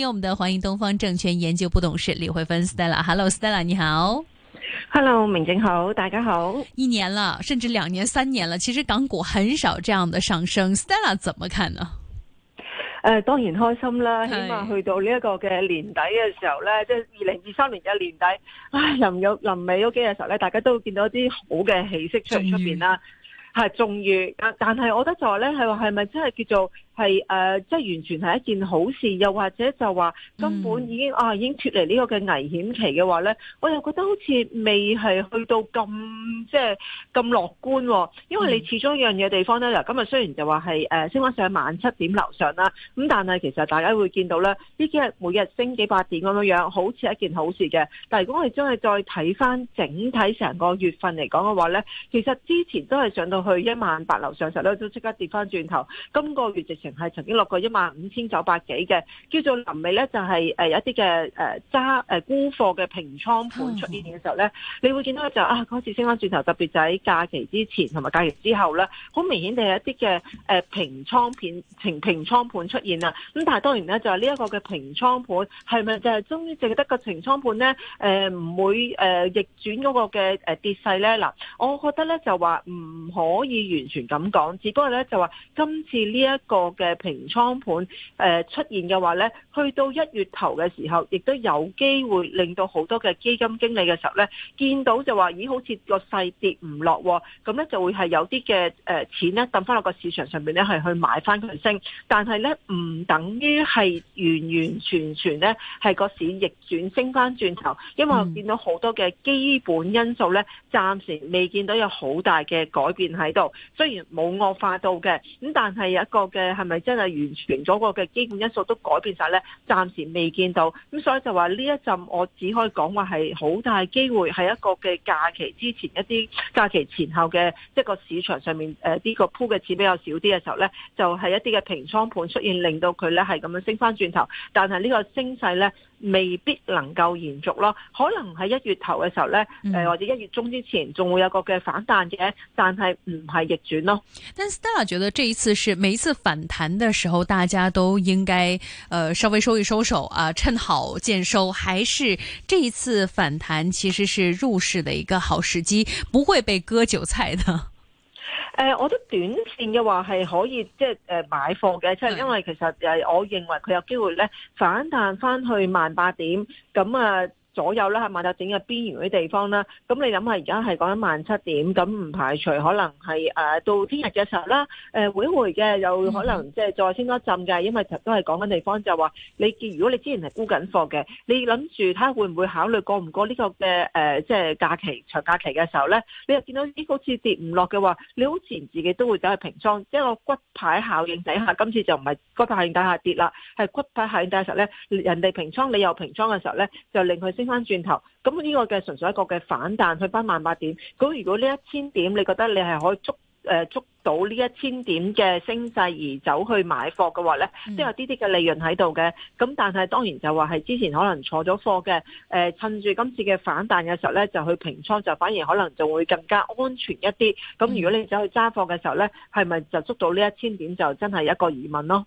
歡迎我們的，歡迎東方證券研究部董事李慧芬，Stella，Hello，Stella，你好，Hello，明靜好，大家好，一年了，甚至兩年、三年了，其實港股很少這樣的上升，Stella 怎麼看呢？誒、呃，當然開心啦，是起碼去到呢一個嘅年底嘅時候咧，即係二零二三年嘅年底，唉、哎，臨有臨尾嗰幾日時候咧，大家都會見到啲好嘅喜色出出邊啦，係重遇，但係我覺得就話咧，係話係咪真係叫做？.係誒、呃，即係完全係一件好事，又或者就話根本已經、嗯、啊已經脫離呢個嘅危險期嘅話咧，我又覺得好似未係去到咁即係咁樂觀，啊，因為你始終一樣嘢地方咧。嗱，今日雖然就話係誒升翻上萬七點樓上啦，咁但係其實大家會見到咧，呢幾日每日升幾百點咁樣樣，好似一件好事嘅。但係如果我哋真係再睇翻整體成個月份嚟講嘅話咧，其實之前都係上到去一萬八樓上實咧，都即刻跌翻轉頭。今個月直情。係曾經落過一萬五千九百幾嘅，叫做臨尾咧，就係、是、誒有一啲嘅誒揸誒沽貨嘅平倉盤出現嘅時候咧，你會見到就啊嗰次升翻轉頭，特別就喺假期之前同埋假期之後咧，好明顯地有一啲嘅誒平倉片、平倉盤出現啦。咁但係當然咧，就係、是、呢一、呃呃、個嘅平倉盤係咪就係終於淨係得個平倉盤咧？誒唔會誒逆轉嗰個嘅誒跌勢咧？嗱，我覺得咧就話唔可以完全咁講，只不過咧就話今次呢、這、一個。嘅平倉盤誒出現嘅話咧，去到一月頭嘅時候，亦都有機會令到好多嘅基金經理嘅時候咧，見到就話咦，好似個細跌唔落，咁咧就會係有啲嘅誒錢咧抌翻落個市場上邊咧，係去買翻佢升。但係咧唔等於係完完全全咧係個市逆轉升翻轉頭，因為我見到好多嘅基本因素咧暫時未見到有好大嘅改變喺度。雖然冇惡化到嘅，咁但係有一個嘅。係咪真係完全咗個嘅基本因素都改變晒咧？暫時未見到，咁所以就話呢一陣我只可以講話係好大機會係一個嘅假期之前一啲假期前後嘅，即係個市場上面誒呢個鋪嘅錢比較少啲嘅時候咧，就係一啲嘅平倉盤出現，令到佢咧係咁樣升翻轉頭。但係呢個升勢咧未必能夠延續咯，可能喺一月頭嘅時候咧誒、嗯、或者一月中之前仲會有一個嘅反彈嘅，但係唔係逆轉咯。但 Stella 覺得呢一次係每一次反。彈的時候，大家都應該，呃，稍微收一收手啊，趁好見收。還是這一次反彈，其實是入市的一個好時機，不會被割韭菜的。誒、呃，我覺得短線嘅話係可以，即係誒買貨嘅，即係的因為其實就係我認為佢有機會咧反彈翻去萬八點，咁啊。左右啦，係買到整個邊緣啲地方啦。咁你諗下，而家係講緊萬七點，咁唔排除可能係誒、啊、到聽日嘅時候啦，誒、啊、回嘅，又可能即係再升多一浸嘅。因為其實都係講緊地方就說，就話你，如果你之前係沽緊貨嘅，你諗住睇下會唔會考慮過唔過呢、這個嘅誒，即、啊、係、就是、假期長假期嘅時候咧，你又見到呢個好似跌唔落嘅話，你好似自己都會走去平倉。即、就、係、是、骨牌效應底下，今次就唔係骨牌效應底下跌啦，係骨牌效應底下嘅時候咧，人哋平倉，你又平倉嘅時候咧，就令佢翻轉頭，咁呢個嘅純粹一個嘅反彈去翻萬八點。咁如果呢一千點，你覺得你係可以捉誒捉到呢一千點嘅升勢而走去買貨嘅話呢，都有啲啲嘅利潤喺度嘅。咁但係當然就話係之前可能錯咗貨嘅、呃、趁住今次嘅反彈嘅時候呢，就去平倉就反而可能就會更加安全一啲。咁如果你走去揸貨嘅時候呢，係咪就捉到呢一千點就真係一個疑問咯？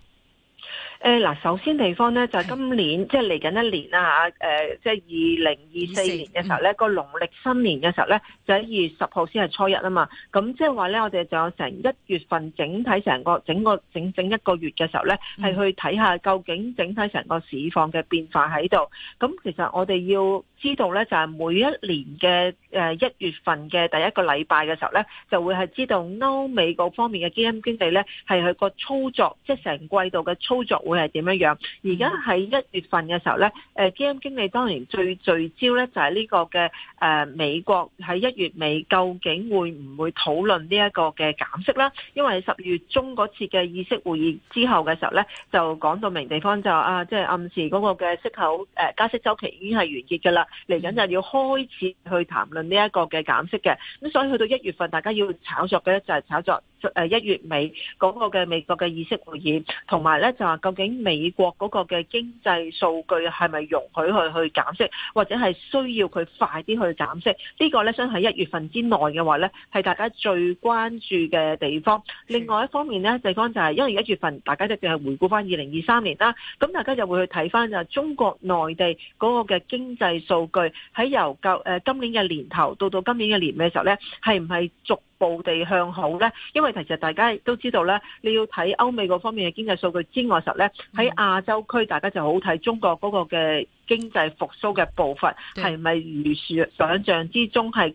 誒嗱，首先地方咧就係今年是即係嚟緊一年啦吓，誒即係二零二四年嘅時候咧，是個農曆新年嘅時候咧，就喺二月十號先係初一啊嘛。咁即係話咧，我哋就有成一月份整體成個整個，整，個，整，個整整一個月嘅時候咧，係去睇下究竟整體成個市況嘅變化喺度。咁其實我哋要知道咧，就係、是、每一年嘅誒一月份嘅第一個禮拜嘅時候咧，就會係知道歐、no, 美嗰方面嘅基金經濟咧係佢個操作，即係成季度嘅操作。會係點樣樣？而家喺一月份嘅時候咧，誒基金經理當然最聚焦咧就係呢個嘅誒美國喺一月尾究竟會唔會討論呢一個嘅減息啦？因為十月中嗰次嘅議息會議之後嘅時候咧，就講到明地方就啊，即係暗示嗰個嘅息口誒加息週期已經係完結噶啦，嚟緊就要開始去談論呢一個嘅減息嘅。咁所以去到一月份，大家要炒作嘅咧就係炒作。誒一月尾嗰個嘅美國嘅意識會議，同埋咧就係究竟美國嗰個嘅經濟數據係咪容許佢去減息，或者係需要佢快啲去減息？這個、呢個咧想喺一月份之內嘅話咧，係大家最關注嘅地方。另外一方面咧，地方就係因為一月份大家即係回顧翻二零二三年啦，咁大家就會去睇翻就係中國內地嗰個嘅經濟數據喺由今年嘅年頭到到今年嘅年尾嘅時候咧，係唔係逐？步地向好呢，因為其實大家都知道呢，你要睇歐美嗰方面嘅經濟數據之外，實呢，喺亞洲區大家就好睇中國嗰個嘅經濟復蘇嘅步伐係咪如是想象之中係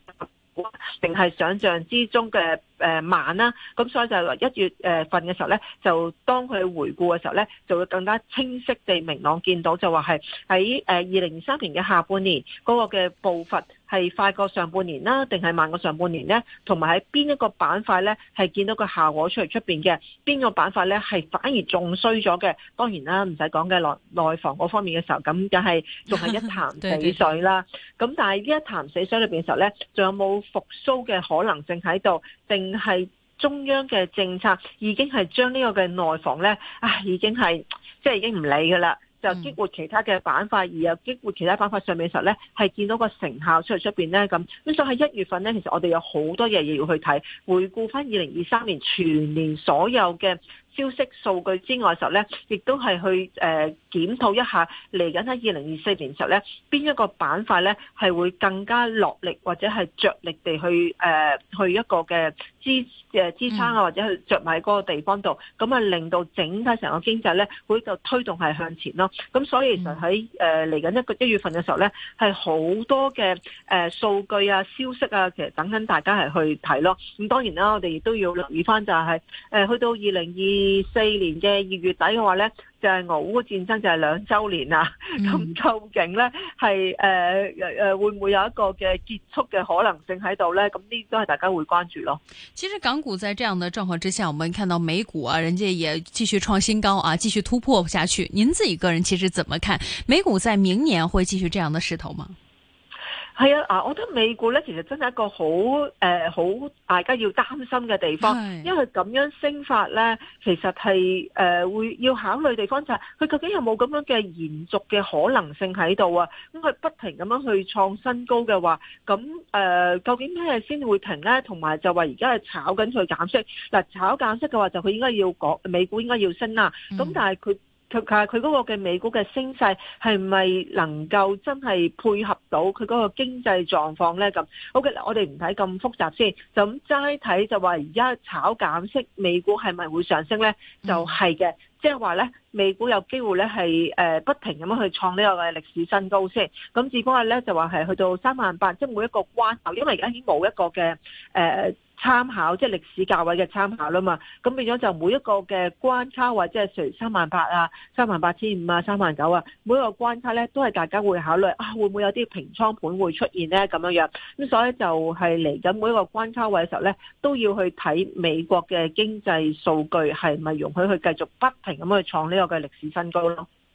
定係想象之中嘅。誒慢啦，咁所以就一月份嘅時候咧，就當佢回顧嘅時候咧，就會更加清晰地明朗見到，就話係喺誒二零二三年嘅下半年嗰、那個嘅步伐係快過上半年啦，定係慢過上半年咧？同埋喺邊一個板塊咧，係見到個效果出嚟出面嘅？邊個板塊咧係反而仲衰咗嘅？當然啦，唔使講嘅內內房嗰方面嘅時候，咁就係仲係一潭死水啦。咁 對但係呢一潭死水裏面嘅時候咧，仲有冇復甦嘅可能性喺度？定？係中央嘅政策已經係將呢個嘅內房呢，唉，已經係即係已經唔理噶啦，就激活其他嘅板塊，而又激活其他板塊上面嘅時候呢，係見到個成效出嚟、出邊呢，咁。咁所以喺一月份呢，其實我哋有好多嘢嘢，要去睇，回顧翻二零二三年全年所有嘅。消息數據之外嘅時候咧，亦都係去誒、呃、檢討一下嚟緊喺二零二四年嘅時候咧，邊一個板塊咧係會更加落力或者係着力地去誒、呃、去一個嘅支誒支撐啊，或者去着埋嗰個地方度，咁啊令到整體成個經濟咧會就推動係向前咯。咁所以其實喺誒嚟緊一個一月份嘅時候咧，係好多嘅誒、呃、數據啊、消息啊，其實等緊大家係去睇咯。咁當然啦，我哋亦都要留意返就係、是、誒、呃、去到二零二。二四年嘅二月底嘅話呢就係俄烏戰爭就係兩周年啦。咁、嗯、究竟呢，係誒誒會唔會有一個嘅結束嘅可能性喺度呢？咁呢都係大家會關注咯。其實港股在這樣的狀況之下，我們看到美股啊，人家也繼續創新高啊，繼續突破下去。您自己個人其實怎麼看美股在明年會繼續這樣的勢頭嗎？係啊，是啊，我覺得美股咧，其實真係一個好誒，好、呃、大家要擔心嘅地方，是因為咁樣升法咧，其實係誒、呃、會要考慮地方就係佢究竟有冇咁樣嘅延續嘅可能性喺度啊？咁佢不停咁樣去創新高嘅話，咁、嗯、誒、呃、究竟咩先會停咧？同埋就話而家係炒緊佢減息，嗱炒減息嘅話就佢應該要講美股應該要升啦。咁、嗯、但係佢。佢嗰個嘅美股嘅升勢係咪能夠真係配合到佢嗰個經濟狀況咧？咁 O K，我哋唔睇咁複雜先，就咁齋睇就話而家炒減息，美股係咪會上升咧？就係、是、嘅，即係話咧，美股有機會咧係誒不停咁樣去創呢個嘅歷史新高先。咁只不過咧就話係去到三萬八，即係每一個關口，因為而家已經冇一個嘅誒。呃參考即係歷史價位嘅參考啦嘛，咁變咗就每一個嘅關卡位，即係除三萬八啊、三萬八千五啊、三萬九啊，每一個關卡咧都係大家會考慮啊，會唔會有啲平倉盤會出現咧咁樣樣？咁所以就係嚟緊每一個關卡位嘅時候咧，都要去睇美國嘅經濟數據係咪容許去繼續不停咁去創呢個嘅歷史新高咯。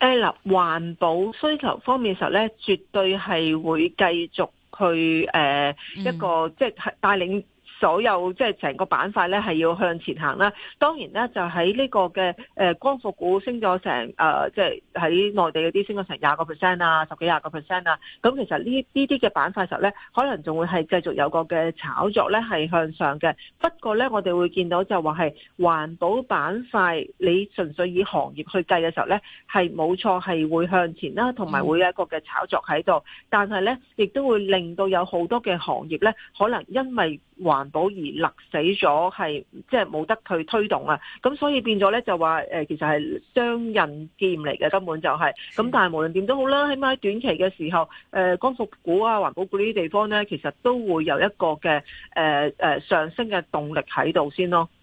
誒嗱，環、欸、保需求方面嘅時候咧，絕對係會繼續去誒、呃、一個、嗯、即係帶領。所有即係成個板塊咧，係要向前行啦。當然啦，就喺呢個嘅誒、呃、光伏股升咗成誒，即係喺內地嗰啲升咗成廿個 percent 啊，十幾廿個 percent 啊。咁、嗯、其實呢呢啲嘅板塊時候咧，可能仲會係繼續有個嘅炒作咧，係向上嘅。不過咧，我哋會見到就話，係環保板塊，你純粹以行業去計嘅時候咧，係冇錯，係會向前啦，同埋會有一個嘅炒作喺度。但係咧，亦都會令到有好多嘅行業咧，可能因為環。保而勒死咗，係即係冇得去推動啊！咁所以變咗咧就話，誒，其實係雙刃劍嚟嘅，根本就係、是。咁但係無論點都好啦，起碼喺短期嘅時候，誒、呃，光伏股啊、環保股呢啲地方咧，其實都會有一個嘅誒誒上升嘅動力喺度先咯。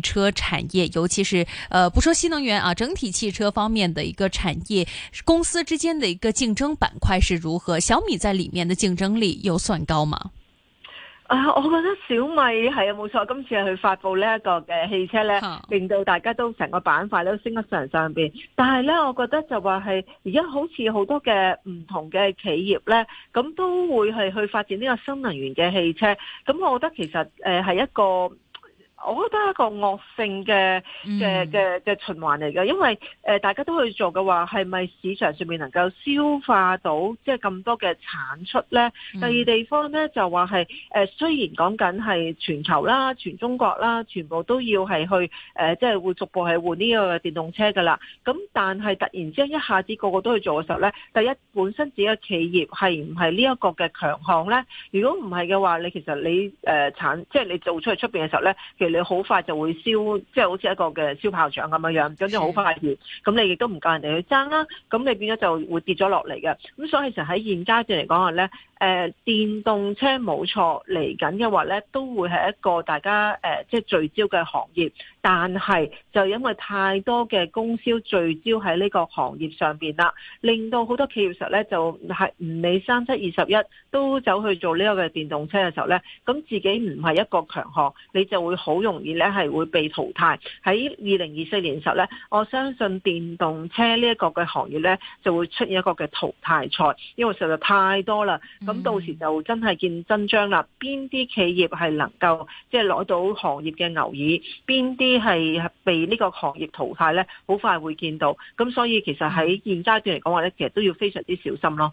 汽車產業，尤其是，呃，不說新能源啊，整體汽車方面的一個產業公司之間的一個競爭板塊是如何？小米在裏面的競爭力又算高嗎？啊，我覺得小米係啊冇錯，今次係去發佈呢一個嘅汽車呢，好令到大家都成個板塊都升得上上邊。但係呢，我覺得就話係而家好似好多嘅唔同嘅企業呢，咁都會係去，去發展呢個新能源嘅汽車。咁我覺得其實誒係、呃、一個。我覺得係一個惡性嘅嘅嘅嘅循環嚟㗎，因為誒、呃、大家都去做嘅話，係咪市場上面能夠消化到即係咁多嘅產出咧？嗯、第二地方咧就話係誒，雖然講緊係全球啦、全中國啦，全部都要係去誒，即、呃、係、就是、會逐步係換呢個電動車㗎啦。咁但係突然之間一下子個個都去做嘅時候咧，第一本身自己嘅企業係唔係呢一個嘅強項咧？如果唔係嘅話，你其實你誒、呃、產即係你做出去出面嘅時候咧，其你好快就會燒，即、就、係、是、好似一個嘅燒炮仗咁樣樣，跟住好快完。咁你亦都唔夠人哋去爭啦、啊，咁你變咗就會跌咗落嚟嘅。咁所以其實喺現階段嚟講話咧，誒、呃、電動車冇錯嚟緊嘅話咧，都會係一個大家誒、呃、即係聚焦嘅行業。但係就因為太多嘅供銷聚焦喺呢個行業上邊啦，令到好多企業實咧就係唔理三七二十一都走去做呢個嘅電動車嘅時候咧，咁自己唔係一個強項，你就會好容易咧係會被淘汰。喺二零二四年時候咧，我相信電動車呢一個嘅行業咧就會出現一個嘅淘汰賽，因為實在太多啦。咁到時就真係見真章啦。邊啲企業係能夠即係攞到行業嘅牛耳，邊啲係被呢個行業淘汰咧，好快會見到。咁所以其實喺現階段嚟講話咧，其實都要非常之小心咯。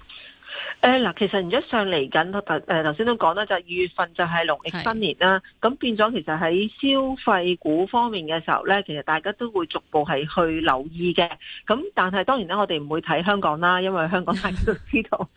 誒嗱、呃，其實而家上嚟緊，誒頭先都講啦，就係二、是、月份就係農曆新年啦，咁是變咗其實喺消費股方面嘅時候咧，其實大家都會逐步係去留意嘅。咁但係當然咧，我哋唔會睇香港啦，因為香港大家都知道，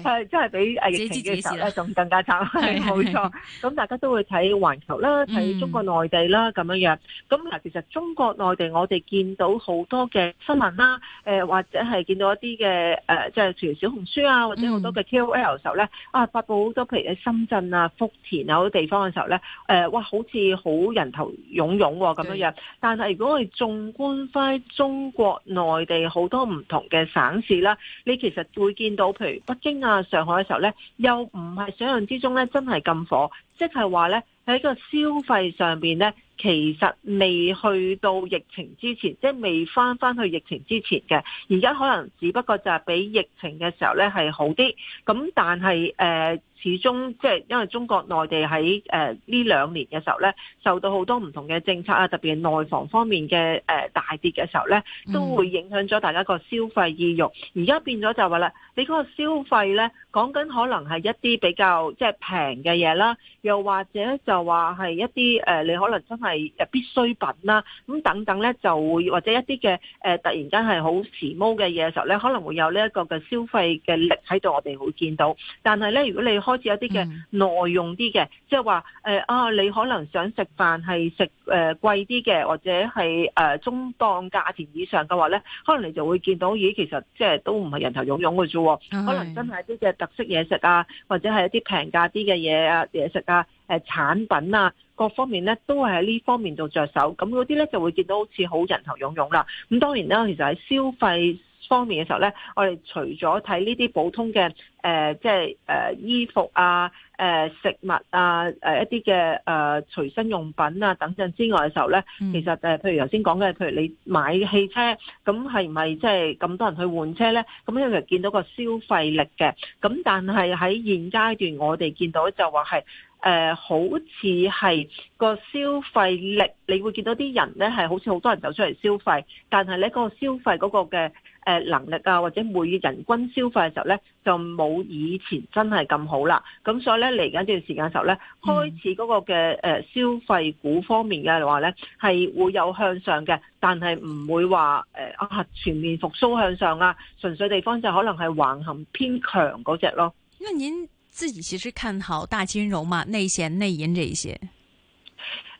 係 是、啊、真係比誒疫情嘅時候咧，仲更加差。冇 是錯，咁是大家都會睇環球啦，睇中國內地啦，咁樣、嗯、樣。咁嗱，其實中國內地我哋見到好多嘅新聞啦，誒、呃、或者係見到一啲嘅誒，即係譬如小紅書啊，或者、嗯。嗯、多嘅 K O L 嘅時候咧，啊，發布好多譬如喺深圳啊、福田啊嗰啲地方嘅時候咧，誒、呃，哇，好似好人頭湧湧咁、啊、樣樣。對但係如果我哋縱觀返中國內地好多唔同嘅省市啦，你其實會見到譬如北京啊、上海嘅時候咧，又唔係想像之中咧，真係咁火，即係話咧。喺個消費上面呢，其實未去到疫情之前，即係未翻翻去疫情之前嘅。而家可能只不過就係比疫情嘅時候呢，係好啲，咁但係誒。始終即係因為中國內地喺誒呢兩年嘅時候咧，受到好多唔同嘅政策啊，特別係內房方面嘅，誒、呃、大跌嘅時候咧，都會影響咗大家個消費意欲。而家變咗就話，是，啦，你嗰個消費咧，講緊可能係一啲比較即係平嘅嘢啦，又或者就話係一啲誒、呃、你可能真係誒必需品啦，咁等等咧就會或者一啲嘅誒突然間係好時髦嘅嘢嘅時候咧，可能會有呢一個嘅消費嘅力喺度，我哋會見到。但係咧，如果你，開始有啲嘅耐用啲嘅，即係話誒啊，你可能想食飯係食誒貴啲嘅，或者係誒、呃、中檔價錢以上嘅話咧，可能你就會見到咦，其實即係都唔係人頭湧湧嘅啫、啊，嗯、可能真係一啲嘅特色嘢食啊，或者係一啲平價啲嘅嘢啊嘢食啊誒、呃、產品啊各方面咧，都係喺呢方面度着手，咁嗰啲咧就會見到好似好人頭湧湧啦。咁當然啦，其實喺消費方面嘅時候咧，我哋除咗睇呢啲普通嘅誒，即係誒衣服啊、誒、呃、食物啊、呃、一啲嘅誒隨身用品啊等等之外嘅時候咧，其實誒、呃，譬如頭先講嘅，譬如你買汽車，咁係咪即係咁多人去換車咧？咁因為見到個消費力嘅，咁但係喺現階段，我哋見到就話係誒，好似係個消費力，你會見到啲人咧係好似好多人走出嚟消費，但係咧嗰個消費嗰個嘅。誒、呃，能力啊，或者每月人均消費嘅時候咧，就冇以前真係咁好啦。咁所以咧，嚟緊段時間嘅時候咧，開始嗰個嘅誒、呃、消費股方面嘅話咧，係會有向上嘅，但係唔會話誒啊全面復甦向上啊，純粹地方就可能係橫行偏強嗰隻咯。那您自己其實看好大金融嘛？內險、內銀這一些。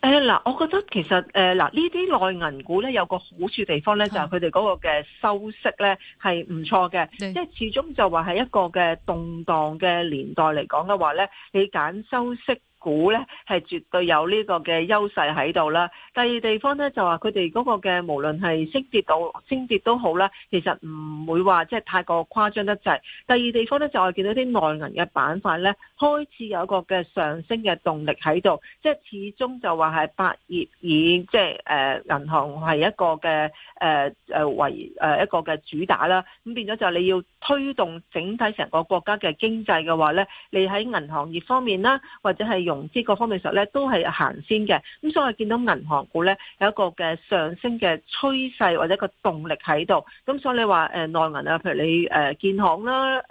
誒，嗱、呃，我覺得其實誒，嗱呢啲內銀股咧有個好處地方咧，就係佢哋嗰個嘅收息咧係唔錯嘅，即係的始終就話係一個嘅動盪嘅年代嚟講嘅話咧，你揀收息股咧係絕對有呢個嘅優勢喺度啦。第二地方咧就話佢哋嗰個嘅無論係升跌到升跌都好啦，其實唔會話即係太過誇張得滯。第二地方咧就係見到啲內銀嘅板塊咧開始有一個嘅上升嘅動力喺度，即係始終就話係百業以即係誒銀行係一個嘅誒誒為誒、呃、一個嘅主打啦。咁變咗就你要推動整體成個國家嘅經濟嘅話咧，你喺銀行業方面啦，或者係。融資各方面上咧都係行先嘅，咁所以見到銀行股咧有一個嘅上升嘅趨勢或者個動力喺度，咁所以你話誒內銀啊，譬如你誒建行啦，誒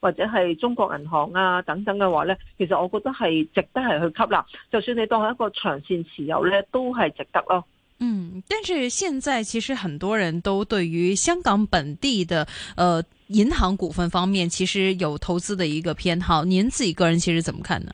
或者係中國銀行啊等等嘅話咧，其實我覺得係值得係去吸納，就算你當係一個長線持有咧，都係值得咯。嗯，但是現在其實很多人都對於香港本地的誒、呃、銀行股份方面，其實有投資的一個偏好，您自己個人其實怎麼看呢？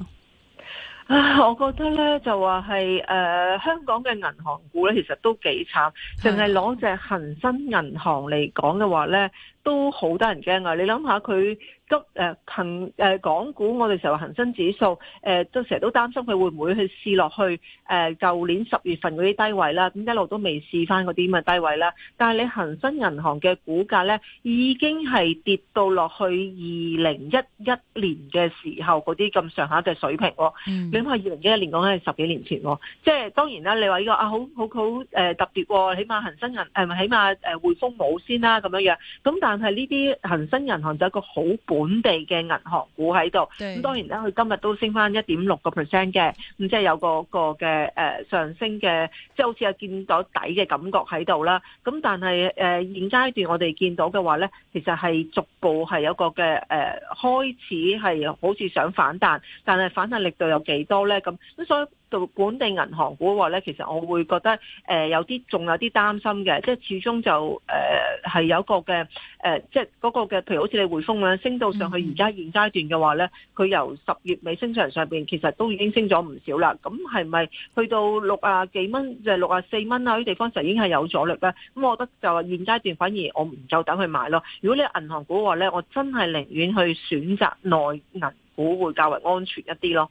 啊，我覺得咧，就話係誒香港嘅銀行股咧，其實都幾慘，淨係攞隻恒生銀行嚟講嘅話咧。都好得人驚啊！你諗下佢近誒行誒港股，我哋成日話恒生指數誒，呃、常常都成日都擔心佢會唔會去試落去誒舊、呃、年十月份嗰啲低位啦。咁、嗯、一路都未試翻嗰啲咁嘅低位啦。但係你恒生銀行嘅股價咧，已經係跌到落去二零一一年嘅時候嗰啲咁上下嘅水平喎、啊。嗯、你諗下二零一一年講緊係十幾年前喎、啊。即係當然啦，你話呢、呢個啊好好好誒、呃、特別喎、啊，起碼恒生銀誒、呃、起碼誒匯豐冇先啦咁樣樣。咁但但係呢啲恒生銀行就一個好本地嘅銀行股喺度，咁對當然咧，佢今日都升翻一點六個 percent 嘅，咁即係有個個嘅誒上升嘅，即係好似有見到底嘅感覺喺度啦。咁但係誒現階段我哋見到嘅話咧，其實係逐步係有個嘅誒、呃、開始係好似想反彈，但係反彈力度有幾多咧？咁咁所以。到本地銀行股話咧，其實我會覺得誒、呃、有啲仲有啲擔心嘅，即係始終就誒係、呃、有個嘅誒、呃，即係嗰個嘅，譬如好似你匯豐啦，升到上去而家現階段嘅話咧，佢由十月尾升上上邊，其實都已經升咗唔少啦。咁係咪去到六啊幾蚊，即係六啊四蚊啊啲地方就已經係有阻力咧？咁我覺得就現階段反而我唔夠膽去買咯。如果你銀行股話咧，我真係寧願去選擇內銀股會較為安全一啲咯。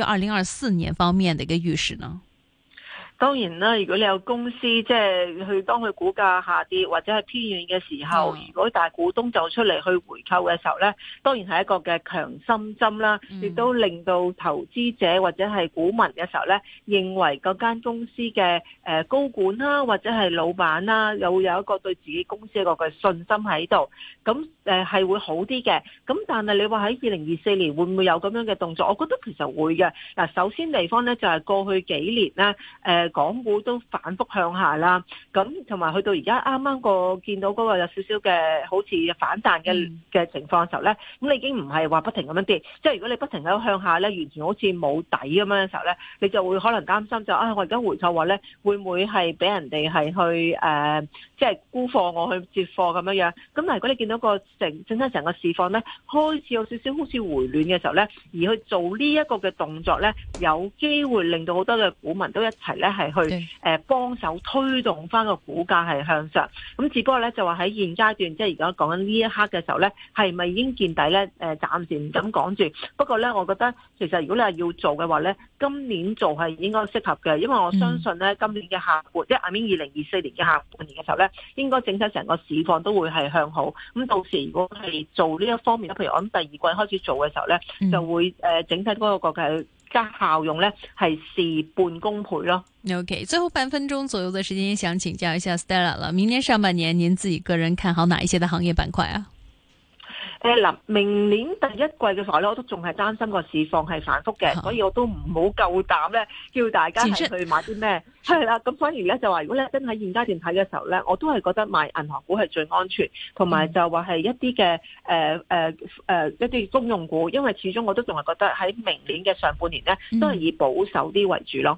二零二四年方面的一個預示呢？當然啦，如果你有公司即係去當佢股價下跌或者係偏軟嘅時候，嗯、如果大股東走出嚟去回購嘅時候咧，當然係一個嘅強心針啦，亦、嗯、都令到投資者或者係股民嘅時候咧，認為嗰間公司嘅誒高管啦或者係老闆啦，有有一個對自己公司的一個嘅信心喺度，咁。誒係會好啲嘅，咁但係你話喺二零二四年會唔會有咁樣嘅動作？我覺得其實會嘅。嗱，首先地方咧就係過去幾年咧，誒港股都反覆向下啦，咁同埋去到而家啱啱個見到嗰個有少少嘅好似反彈嘅嘅情況嘅時候咧，咁、嗯、你已經唔係話不停咁樣跌，即係如果你不停喺度向下咧，完全好似冇底咁樣嘅時候咧，你就會可能擔心就啊、哎，我而家回購話咧會唔會係俾人哋係去誒即係沽貨我去接貨咁樣樣？咁但係如果你見到個整整成個市況咧，開始有少少好似回暖嘅時候咧，而去做呢一個嘅動作咧，有機會令到好多嘅股民都一齊咧係去誒幫手推動翻個股價係向上。咁只不過咧就話喺現階段，即係而家講緊呢一刻嘅時候咧，係咪已經見底咧？誒暫時唔敢講住。不過咧，我覺得其實如果你係要做嘅話咧，今年做係應該適合嘅，因為我相信咧今年嘅下半，嗯、即係阿 m 二零二四年嘅下半年嘅時候咧，應該整親成個市況都會係向好。咁到時如果係做呢一方面咧，譬如我諗第二季開始做嘅時候咧，嗯、就會誒整體嗰個國家加效用咧係事半功倍囉。OK，最後半分鐘左右嘅時間，想請教一下 Stella 啦，明年上半年您自己個人看好哪一些嘅行業板塊啊？誒，嗱，明年第一季嘅時候咧，我都仲係擔心個市況係反復嘅，啊、所以我都唔好夠膽咧叫大家係去買啲咩？係啦實，咁所以而家就話，如果你真喺現階段睇嘅時候咧，我都係覺得買銀行股係最安全，同埋就話係一啲嘅誒誒誒一啲公用股，因為始終我都仲係覺得喺明年嘅上半年咧都係以保守啲為主咯。